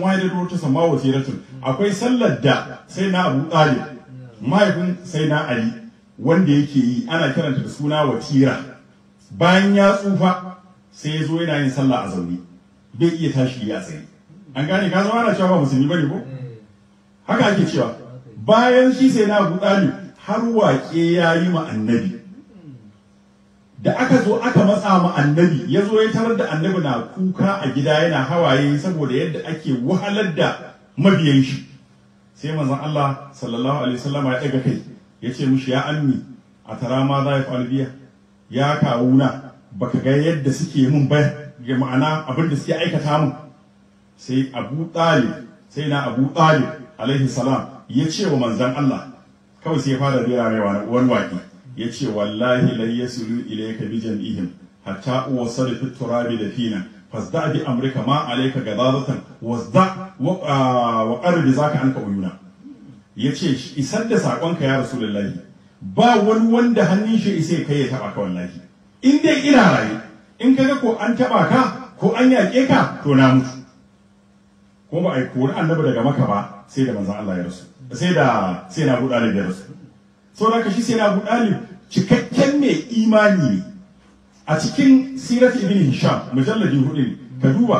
salatan wahidatu wa tusamma akwai sallar da sai na Abu Talib mahaifin sai na Ali wanda yake yi ana kiranta da suna watira bayan ya tsufa sai ya zo yana yin sallah a zaune bai iya tashi ya tsaye an gane ka zama ana cewa ba musulmi bane ko haka ake cewa bayan shi sai na Abu Talib har waƙe ya yi ma annabi da aka zo aka matsa ma annabi ya zo ya tarar da annabi na kuka a gida yana hawaye saboda yadda ake wahalar da mabiyan shi sai manzan Allah sallallahu alaihi wasallam ya daga kai ya ce mushi ya anni a tara ma za ya falbiya ya kawuna baka ga yadda suke mun ba ga ma'ana abin da suke aikata mun sai Abu Talib sai na Abu Talib alaihi salam ya ce wa manzan Allah kawai sai ya fara na uwan waki ya ce wallahi lai ya sulu ilaika bi jam'ihim hatta wasar fi turabi da fina fasda bi amrika ma alaika gadabatan wasda wa qarbi zaka anka uyuna yace isar da sakonka ya rasulullahi ba wani wanda hannun shi isa kai ya taɓa ka wallahi in dai ina raye in kaga ko an taba ka ko an yaƙe ka to na mutu ko ba a yi kori annabi daga maka ba sai da manzon Allah ya rasu sai da sai na buɗa da ya rasu saboda ka shi sai na Abu ɗalib cikakken mai imani ne a cikin sirat ibn Hisham mujalladi hudu ka duba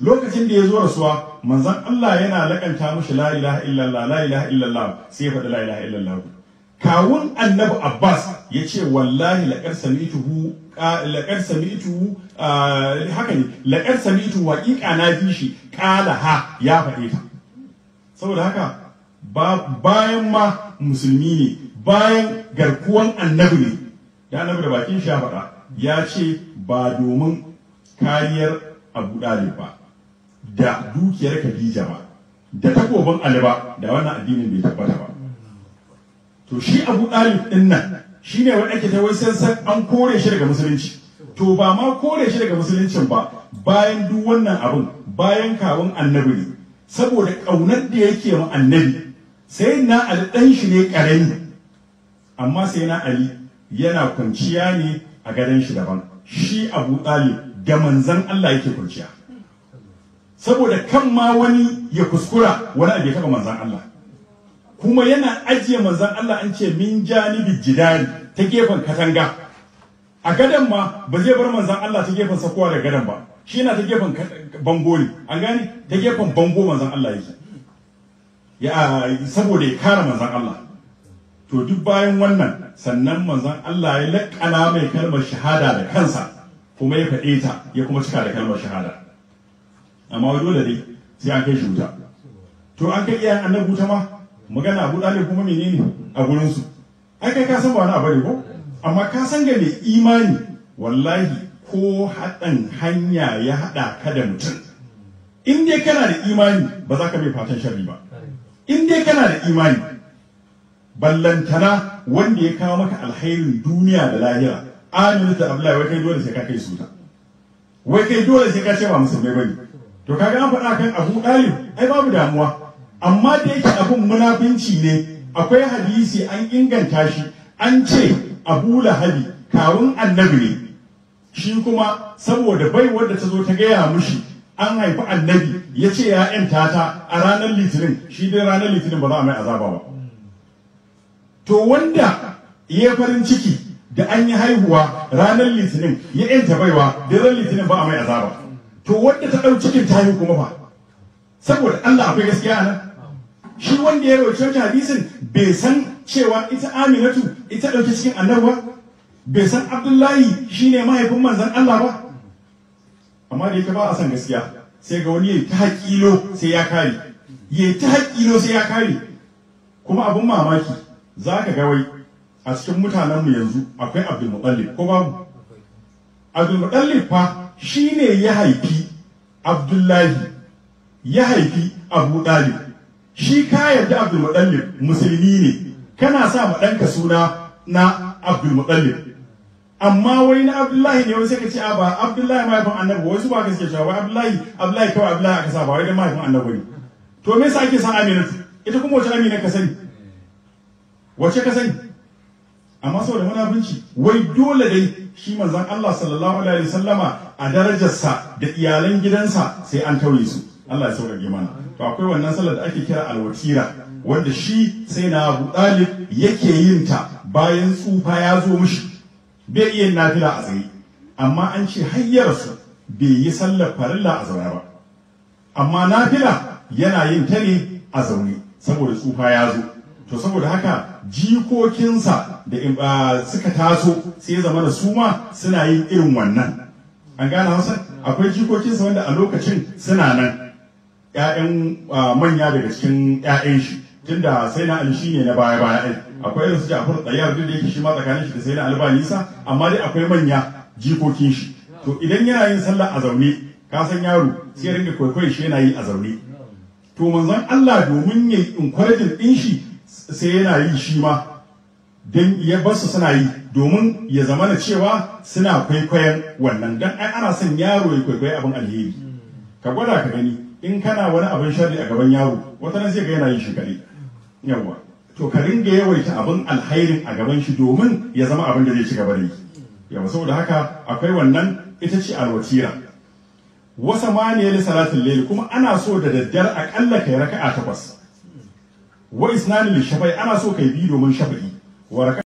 lokacin da ya zo rasuwa manzon Allah yana laƙanta mashi la ilaha illallah la ilaha illallah sai ya faɗi la ilaha illallah kawun annabi Abbas ya ce wallahi laƙar samituhu laƙar samituhu haka ne laƙar samituhu waƙiƙa na fi shi ƙala ha ya faɗe ta saboda haka bayan ma musulmi ne bayan garkuwan annabi ne da annabi da bakin shafaɗa ya ce ba domin kariyar abu ɗalib ba da dukiyar khadija ba da takobin ali ba da wannan addinin bai tabbata ba to shi abu ɗalib ɗin nan shi ne wanda ake ta wai an kore shi daga musulunci to ba ma kore shi daga musuluncin ba bayan duk wannan abin bayan kawun annabi ne saboda ƙaunar da yake ma annabi sai na ali ɗan shi ne ƙarami amma sai na ali yana kwanciya ne a gadon shi daban shi abu talib da manzan Allah yake kwanciya saboda kan ma wani ya kuskura wani abu ya taba manzan Allah kuma yana ajiye manzan Allah an ce min janibi jidani ta gefen katanga a gadon ma ba zai bar manzan Allah ta gefen sakuwa da gadon ba shi yana ta gefen bango ne an gane ta gefen bango manzan Allah yake ya saboda ya kare manzan Allah to duk bayan wannan sannan manzon Allah ya laƙana mai kalmar shahada da kansa kuma ya faɗe ta ya kuma cika da kalmar shahada amma wai dole dai sai an kai shi wuta to an kai iyayen annabi wuta ma magana abu dalib kuma menene a gurin su kai ka san ba wani bari ko amma ka san ga mai imani wallahi ko haɗin hanya ya haɗa ka da mutum in dai kana da imani ba za ka bai fatan sharri ba in dai kana da imani ballantana wanda ya kawo maka alkhairin duniya da lahira aminu da abdullahi wai kai dole sai ka kai suta wai kai dole sai ka ce ba musulmai ne to kaga an faɗa kan abu ɗalib ai babu damuwa amma da yake abun munafinci ne akwai hadisi an inganta shi an ce abu lahabi kawun annabi ne shi kuma saboda bai wadda ta zo ta gaya mushi an haifi annabi ya ce ya 'yanta ta a ranar litinin shi dai ranar litinin ba za a mai azaba ba to wanda ya farin ciki da an yi haihuwa ranar litinin ya yanta baiwa daren litinin ba a mai azaba to wanda ta ɗau cikin ta kuma ba, saboda Allah akwai gaskiya nan shi wanda ya rauce wajen hadisin bai san cewa ita Aminatu ita ɗauke cikin annabawa bai san Abdullahi shi ne mahaifin manzan Allah ba amma da yake ba a san gaskiya sai ga wani ya ta haƙilo sai ya kare ya ta haƙilo sai ya kare kuma abin mamaki za ka ga wai a cikin mutanenmu yanzu akwai abdulmutallib ko babu abdulmutallib fa shi ne ya haifi abdullahi ya haifi abu ɗalib shi ka yarda abdulmutallib musulmi ne kana sa ma ɗanka suna na abdulmutallib amma wai na abdullahi ne wai sai ka ce a ba abdullahi mahaifin annabi wai su ba ka suke cewa wai abdullahi abdullahi kawai abdullahi aka sa ba wai dan mahaifin annabi ne to me yasa ake san aminatu ita kuma wace amina ka sani wace ka sani amma saboda abinci, wai dole dai shi manzon Allah sallallahu alaihi wasallama a darajarsa da iyalan gidansa sai an tauye su Allah ya saurare mana to akwai wannan sallar da ake kira alwatira wanda shi sai na Abu Talib yake yin ta bayan tsufa ya zo mishi bai iya nafila a tsaye amma an ce hayyarsu bai yi sallar farilla a zaune ba amma nafila yana yin ta ne a zaune saboda tsufa ya zo to saboda haka jikokinsa da ah, suka taso sai zama da su ma suna yin irin wannan an gane hausa akwai jikokinsa wanda a lokacin suna nan ‘ya'yan ah, manya daga cikin ‘ya'yan shi tunda sai na alishi ne na baya baya ɗin akwai irin su jafar tsayar duk da yake shi ma tsakanin shi da sai na albanisa amma dai akwai manya jikokin shi to idan yana yin sallah a zaune ka san yaro sai rinka kwaikwayo shi yana yi a zaune to manzon Allah domin ya yi din shi sai yana yi shi ma don ya basu suna yi domin ya zama na cewa suna kwaikwayon wannan don ai ana son yaro ya kwaikwayi abin alheri ka gwada ka gani in kana wani abin sharri a gaban yaro wata nan zai ga yana yin shi kare yawa to ka ringa yawaita abin alhairin a gaban shi domin ya zama abin da zai ci gaba da yi yawa saboda haka akwai wannan ita ce alwatira wasa ma ne salatin laili kuma ana so da daddare akalla kai raka'a takwas wa isnani shafa'i ana so kai bi domin shafa'i